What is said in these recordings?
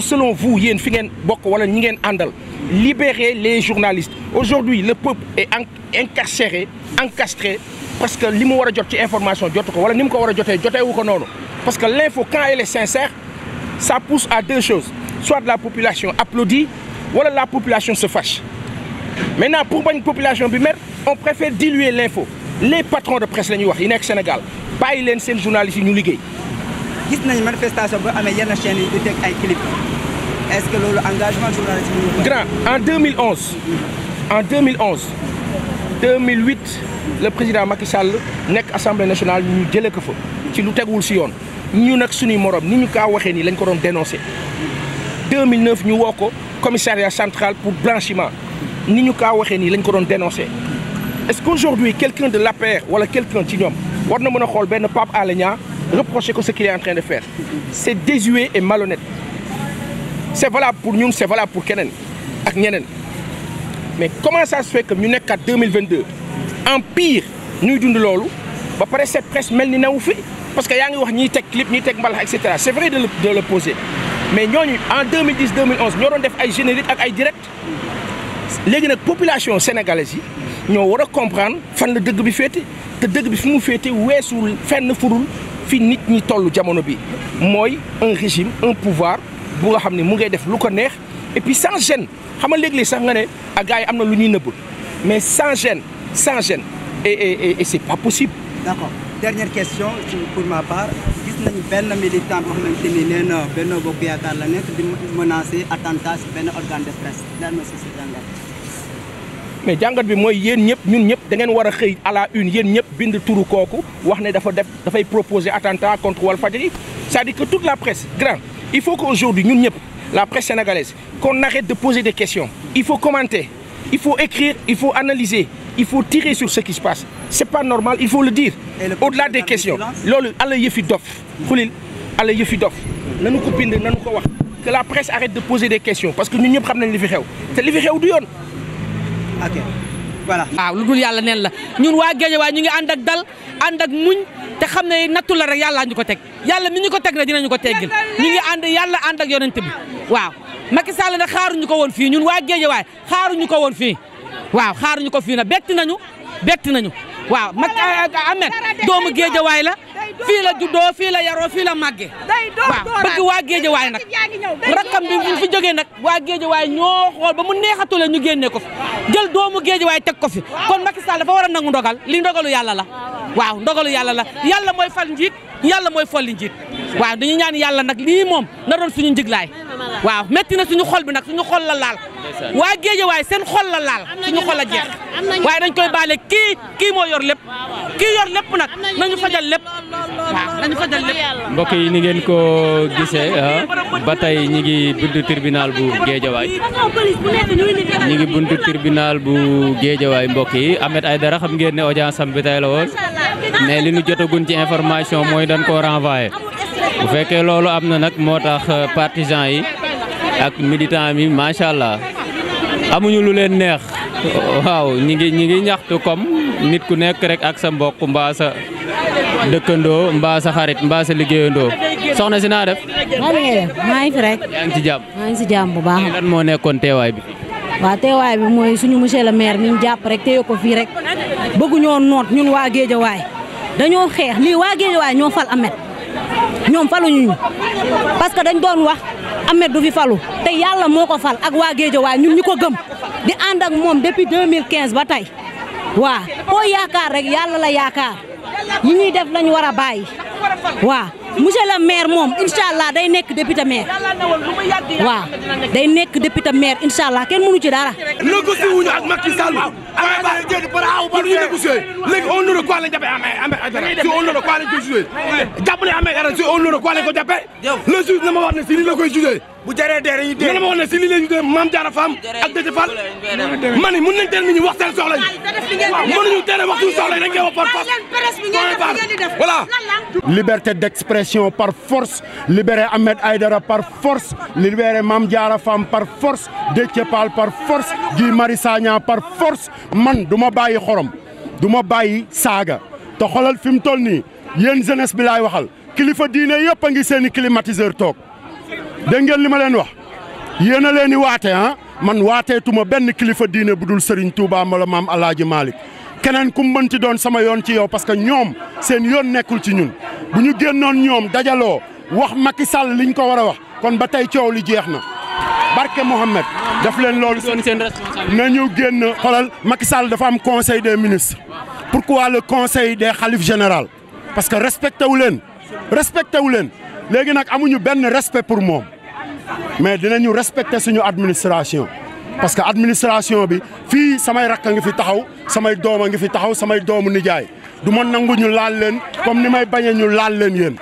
selon vous yéen fi ngeen bokk wala ñi ngeen àndal libérez les journalistes aujourd'hui le peuple est incarcéré encastré parce que li mu war a jot ci information jotu ko wala ni mu ko war a jotee joteewu ko noonu parce que l'info quand elle est sincère ça pousse à deux choses soit la population applaudit wala la population se fâche maintenant pour bañ population bi mer on préfère diluer l'info les patrons de presse la ñuy wax yi nekk Sénégal bàyyi leen seen journalistes yi ñu liggéey gis nañ manifestation ba amee yenn chaîne yi di teg ay clip est-ce que loolu engagement journalisme la. grand en 2011. en 2011. 2008 le président Macky Sall nekk assemblée nationale ñu jëlee ko fa. ci lu tegul si yoon. ñu nag suñuy morom ni ñu kaa waxee nii lañ ko doon dénoncé. 2009 ñu woo ko commissariat central pour blanchiment ni ñu kaa waxee nii lañ ko doon dénoncé. est-ce qu'aujourd'hui quelqu'un de l'APR wala quelqu'un ci ñoom war na mën a xool benn Pape Alé Niang reprocher que ce qu'il est en train de faire c'est désuet et malhonnête c'est valable pour ñun c'est valable pour keneen ak ñeneen mais comment ça se fait que ñu nekkat 2022 en pire ñuy dund loolu ba pare cette presse mel ni newu fi parce que yaa ngi wax ñii teg clip ñiy teg mbalax et cetera c'est vrai de le de le poser mais ñooñu en 2010 2011 ñoo doon def ay générique ak ay direct léegi nag population sénégalaise yi ñoo war a comprendre fan la dëgg bi féete te dëgg bi fi mu féete weesul fenn furul fi nit ñi toll jamono bi mooy un régime un pouvoir bu nga xam ne mu ngay def lu ko neex et puis sans gêne xam nga léeg-léeg sax nga ne ak ah, gars yi am na lu ñuy nëbb mais sans gêne sans gêne et et et c'est pas possible. d'accord dernière question pour ma part gis nañu benn militant boo xamante ni nee na Benno Bokk Yaakaar la nekk di menacer attentat benn organe de presse lan la mais jàngat bi mooy yéen ñëpp ñun ñëpp dangeen war a xëy à la une yéen ñëpp bind turu kooku wax ne dafa def dafay proposer attentat contre Walfadjri c'est-à-dire que toute la presse grand il faut que aujourd'hui ñun ñëpp la presse sénégalaise qu'on arrête de poser des questions il faut commenter il faut écrire il faut analyser il faut tirer sur ce qui se passe c'est pas normal il faut le dire au-delà des questions loolu ala yëfi dof xulil ala wax que la presse arrête de poser que ñun ñëpp xam nañ li fi xew te li fi xew ok voilà. waaw lu dul yàlla neen la ñun waa Guédiawaye ñu ngi ànd ak dal ànd ak muñ te xam ne nattu la rek yàlla ñu ko teg yàlla mi ñu ko teg rek dinañu ko teggil ñu ngi ànd yàlla ànd ak yonent bi waaw. Macky Sall nag xaaruñu ko woon fii ñun waa Guédiawaye xaaruñu ko woon fii waaw xaaruñu ko fii nag bett nañu bett nañu. waaw mag ah, ah, ah, Ahmed doomu géejawaay la fii la juddoo fii la yaroo fii la màggee waaw bëgg waa géejawaay nag rakkam bi bu fi jógee nag waa géejawaay ñoo xool ba mu neexatule ñu génne ko fi jël doomu géej waay teg ko fi kon Macky Sall dafa war a nangu ndogal li ndogalu yàlla la waaw ndogalu yàlla la yàlla mooy fal njiit yàlla mooy folli njiit waaw dañu ñaan yàlla nag lii moom na doon suñu njiglaay waaw métti na suñu xol bi nag suñu xol la laal waa Géejawaay seen xol la laal suñu xol la jeex waaye dañ koy baale kii kii moo yor lépp kii yor lépp nag nañu fajal lépp waaw nañu mbokk yi ni ngeen ko gisee ah, ba tey ñi ngi buntu tribunal bu Géejawaay ñi ngi buntu tribunal bu Géejawaay mbokk yi Ahmed Aïdara xam ngeen ne audience am bi la woon mais li ñu jotagun ci information mooy dañ koo renvoyé. bu fekkee loolu am na nag moo tax euh, partisans yi ak militants mi macha allah amuñu lu leen neex waaw ñi ngi ñi ñaxtu comme nit ku nekk rek ak sa mbokk mbaa sa dëkkandoo mbaa sa xarit mbaa sa liggéeyandoo soxna si naa def. maa ngi fi rek. yaa ngi ci jàmm maa ngi ci bu baax. lan moo nekkoon teewaay bi. waaw teewaay bi mooy suñu monsieur le maire mi ñu jàpp rek téye ko fii rek bëgguñoo noot ñun waa Géejawaay dañoo xeex lii waa Géejawaay ñoo fal Ameth ñoom faluñu parce que dañ doon wax Ameth du fi falu te yàlla moo ko fal ak waa Géejawaay ñun ñu ko gëm di ànd ak moom depuis 2015 ba tey waa yaakaar rek yàlla la yaakaar ñi ñuy def lañ war a bàyyi waa monsieur le maire moom incha allah day nekk député maire waaw day nekk député maire incha allah kenn mënu ci dara. lëkkasiwuñu ak Macky Sall Ama Baldé jënd par aw ba lu ñu de quoi lañ jàppee Ahmed Aidara si au nom de quoi lañ koy jugé de ma wax ne si lii la koy jugé bu na ma wax la ñu dee par force voilà liberté d'expression par force libérer Ahmed Aidara par force libérer Mame Diarra Fam par force Déthié Fall par force Guy Marius Sagna par force man duma ma bàyyi xorom du ma bàyyi saaga te xoolal fi mu toll nii yéen jeunesse bi laay waxal kilifa diine yëpp a ngi seen i climatiseur toog dégg ngeen li ma leen wax yéen a leen i waate ah man waateetuma benn kilifa diine bu dul Serigne Touba mala maam El Hadj Malick keneen ku doon sama yoon ci yow parce que ñoom seen yoon nekkul ci ñun bu ñu génnoon ñoom dajaloo wax Macky Sall liñ ko war a wax kon ba tey coow li jeex na. barke Mohamed daf leen loolu nañu génn xoolal Macky Sall dafa am conseil des ministres pourquoi le conseil des xalif général parce que respecté wu leen respecté wu leen léegi nag amuñu benn respect pour moom mais dinañu respecter suñu administration parce que administration bi fii samay rakk a ngi fi taxaw samay doom a ngi fi taxaw samay doomu nijaay du ma nangu ñu laal leen comme ni may bañee ñu laal leen yéen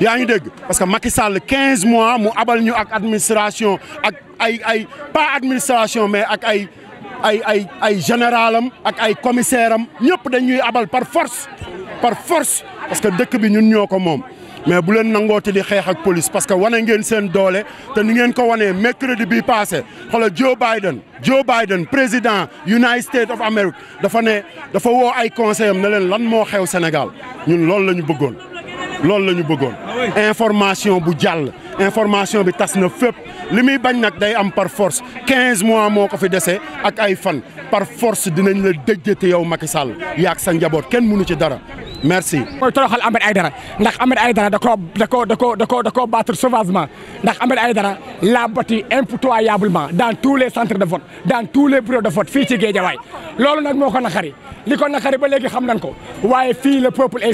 yaa ngi dégg parce que Macky Sall 15 mois mu abal ñu ak administration ak ay ay pas administration mais ak ay ay ay ay général am ak ay commissaire am ñëpp dañuy abal par force par force parce que dëkk bi ñun ñoo ko moom. mais bu leen nangoo ti di xeex ak police parce que wane ngeen seen doole te ni ngeen ko wanee mercredi bi passé xoolal Joe Biden Joe Biden président United States of America dafa ne dafa woo ay conseil am ne leen lan moo xew Sénégal ñun loolu la ñu bëggoon. loolu la ñu bëggoon information bu jàll information bi tas na fépp li muy bañ nag day am par force quinze mois moo ko fi dese ak ay fan par force dinañ la dëjjate yow Macky Sall yaak sa njaboot kenn mënu ci dara merci. mooy toroxal Ahmed Aïdara ndax Ahmed Aïdara da koo da koo da koo da koo da koo battre sauvagement ndax Ahmed Aïdara l'a battu impitoyablement dans tous les centres de vote dans tous les bureaux de vote fii ci Guédiawaye loolu nag moo ko naqari li ko naqari ba léegi xam nañ ko waaye fii le peuple est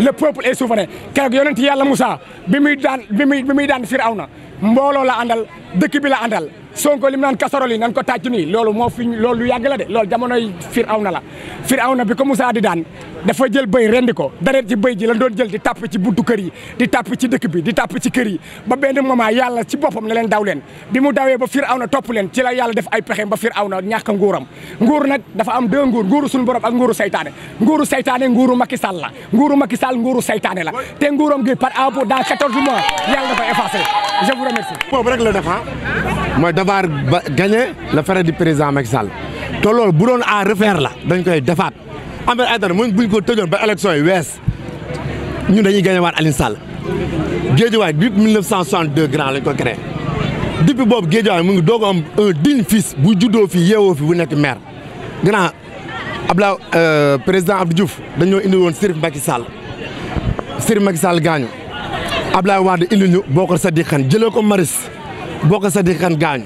le peuple est souverain keroog yonent yàlla Moussa bi muy daan bi muy bi muy daan Firawna mbooloo la àndal dëkk bi la àndal Sonko li mu naan casserole yi nan ko tàcc nii loolu moo fi loolu lu yàgg la de loolu jamonoy Firawna la Firawna bi ko Moussa di daan dafa jël bëy rendi ko dareet ci bëy ji la doon jël di tàpp ci buntu kër yi di tàpp ci dëkk bi di tàpp ci kër yi ba benn moment yàlla ci boppam ne leen daw leen bi mu dawee ba na topp leen ci la yàlla def ay pexeem ba Firawna ñàkk nguuram nguur nag dafa am deux nguur nguuru suñu borom ak nguuru saytaane nguuru seytaane nguuru Macky Sall la nguuru Macky Sall nguuru saytaane la te nguuram gi par rapport dans quatorze mois yàlla dafa effacé je vous remercie boobu rek la defa ah. mooy devoir gagner le frère du président Macky Sall te loolu bu doon à refaire la dañ koy defaat Ahmed Aïdara moom buñ ko tëjoon ba élection yi wees ñun dañuy gagné waat Alioune Sall Guédiawaye bi 1962 grand lañ ko créé depuis boobu géej Guédiawaye mu ngi doog am un digne bu juddoo fi yeewoo fi bu nekk maire grand Abla euh, président Abdou Diouf dañoo indi woon Serif Mbacké Sall Serif Mbacké Sall gaañu Ablaye Wade indi ñu Bokar Sadiq Kane jëlee ko Maris Bokar Sadiq Kane gaañu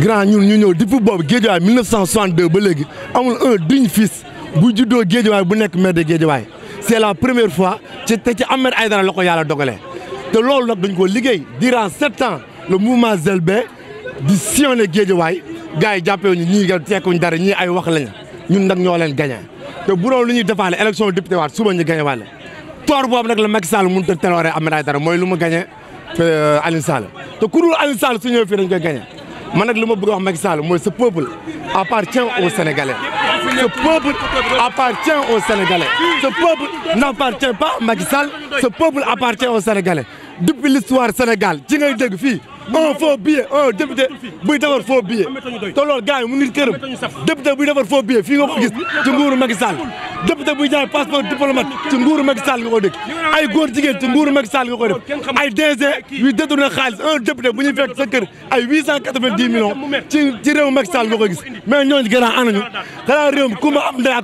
grand ñun ñu ñëw depuis boobu Guédiawaye 1962 ba léegi amul un digne fils bu géej géejawaay bu nekk maire de géejawaay c'est la première fois ci te ci Ahmed Aïdara la ko yàlla dogalee te loolu nag dañ ko liggéey durant sept ans le mouvement Zelbe di sillonné géejawaay gars yi jàppee ñu ñii nga tekkuñ dara ñii ay wax lañ ñun nag ñoo leen gagné te bu doon lu ñuy defaale élection député waat suba ñu gagné waale toor boobu nag la Macky te mënut a telooree Ahmed dara mooy lu ma gagné euh, Alioune Sall te ku dul Alioune Sall su fii dañ koy gagné man nag li ma bëgg a wax Macky Sall mooy ce peuple appartient aux Sénégalais Ce peuple appartient aux Sénégalais. Ce peuple n'appartient pas à Macky Sall. Ce peuple appartient aux Sénégalais. Depuis l'histoire Sénégal ci ngay dégg fii un faux billet un député buy defar faux billet te loolu mu nit këram député buy defar faux billet fii nga gis ci nguuru Macky buy jaay passeport diplomate ci nguuru Macky Sall ay góor jigéen ci nguuru Macky Sall ay DG yuy détourné xaalis un député bu ñuy fekk sa ay 890 millions ci ci réew Macky mais ñooñu xanaa réew mi ku am ndey a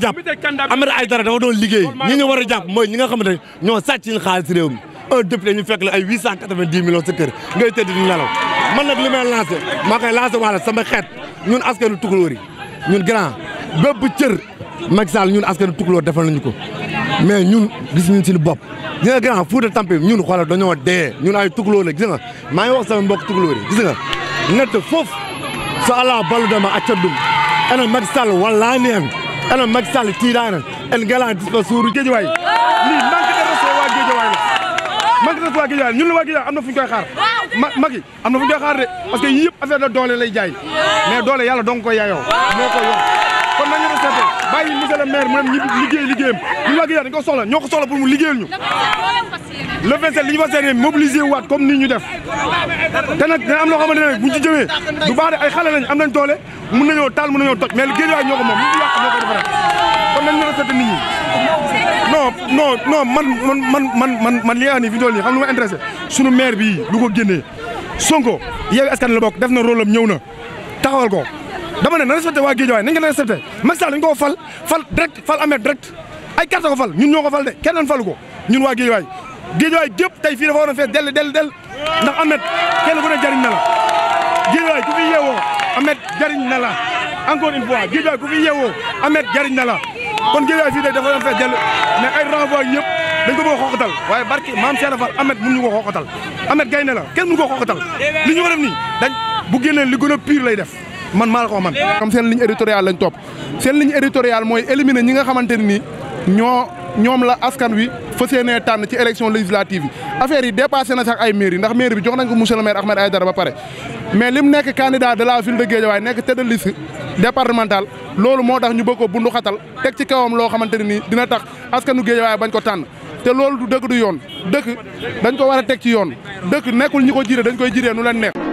jàpp dafa doon liggéey ñi ñu war a jàpp mooy ñi nga xamante ne ñoo sàcc ñu xaalis réew mi un député ñu fekk la ay 890 millions sa kër ngay tëdd di nelaw man nag li may lancé maa koy lancé waale sama xeet ñun askanu tukulóor yi ñun grand bépp cër Macky Sall ñun askanu tukulóor defal nañu ko mais ñun gis nañu suñu bopp gis nga grand Fouta Tampi ñun xoolal dañoo dee ñun ay tukulóor la gis nga maa ngi wax sama mbokk tukulóor yi gis nga nett so allah balluɗoma accaɗum enen macky sall wallani en enen macky sall tiiɗani en gala suuru gueji wayi ni manque de wa gueji wayi manque de reso wa gueji ñun la wa gueji wayi am na fu ñu koy am na fu ñu xaar de parce que yëpp affaire de doole lay jaay mais doole yàlla dong ko yaayoo moo ko yor kon nañu respecté bàyyi monsieur le maire mu dem ñibbi liggéey liggéeyam ñun waa gueji wayi dañ ko soxla ñoo ko soxla pour mu ñu le 27 li ñu fas yéene mobiliser waat comme ni ñu def te nag dina am loo xamante ne nag bu ci jëmee du baax ay xale lañ am nañ toole mun nañoo taal mun nañoo toj mais Guédiawaye ñoo ko moom ñu ngi yàq moo ko defaral kon nañ ñu respecté nit ñi non non man man man man man li nga fi dool nii xam lu ma intéressé sunu maire bi lu ko génnee Sonko Yewwi Askan la bokk def na rôle am ñëw na taxawal ko dama ne na respecté waa Guédiawaye nañ ko na respecté Macky Sall dañ fal fal direct fal amet direct ay carte ko fal ñun ñoo ko fal de kenn falu ko ñun waa Guédiawaye géejawaay gépp tey fii dafa waroon fees dell dell dell ndax Amet kenn ku jariñ na la géejawaay ku fi yeewoo Amet jariñ na la encore une fois géejawaay ku fi yeewoo Amet jariñ na la kon géejawaay fii de dafa waroon fees dell mais ay renvoi yëpp dañ ko bëgg a xooxatal waaye barki maam Cheikh Fall Amet mënuñu ko xooxatal Amet gaynde la kenn mënu ko xooxatal li ñu ko def nii dañ bu génnee li gën a pire lay def man maa la ko man. comme seen ligne éditoriale lañ topp seen ligne éditoriale mooy éliminer ñi nga xamante ne nii ñoo. ñoom la askan wi fas yéenee tànn ci élection législative yi affaire yi dépassé na sax ay mairie ndax mairie bi jox nañ ko monsieur le maire Ahmed Aïdara ba pare mais lim nekk candidat de la ville de Guédiawaye nekk tête de liste départemental loolu moo tax ñu bëgg ko bundu xatal teg ci kawam loo xamante ne nii dina tax askanu Guédiawaye bañ ko tànn te loolu du dëkk du yoon dëkk dañ ko war a teg ci yoon dëkk nekkul ñi ko jiite dañ koy jiitee nu leen neex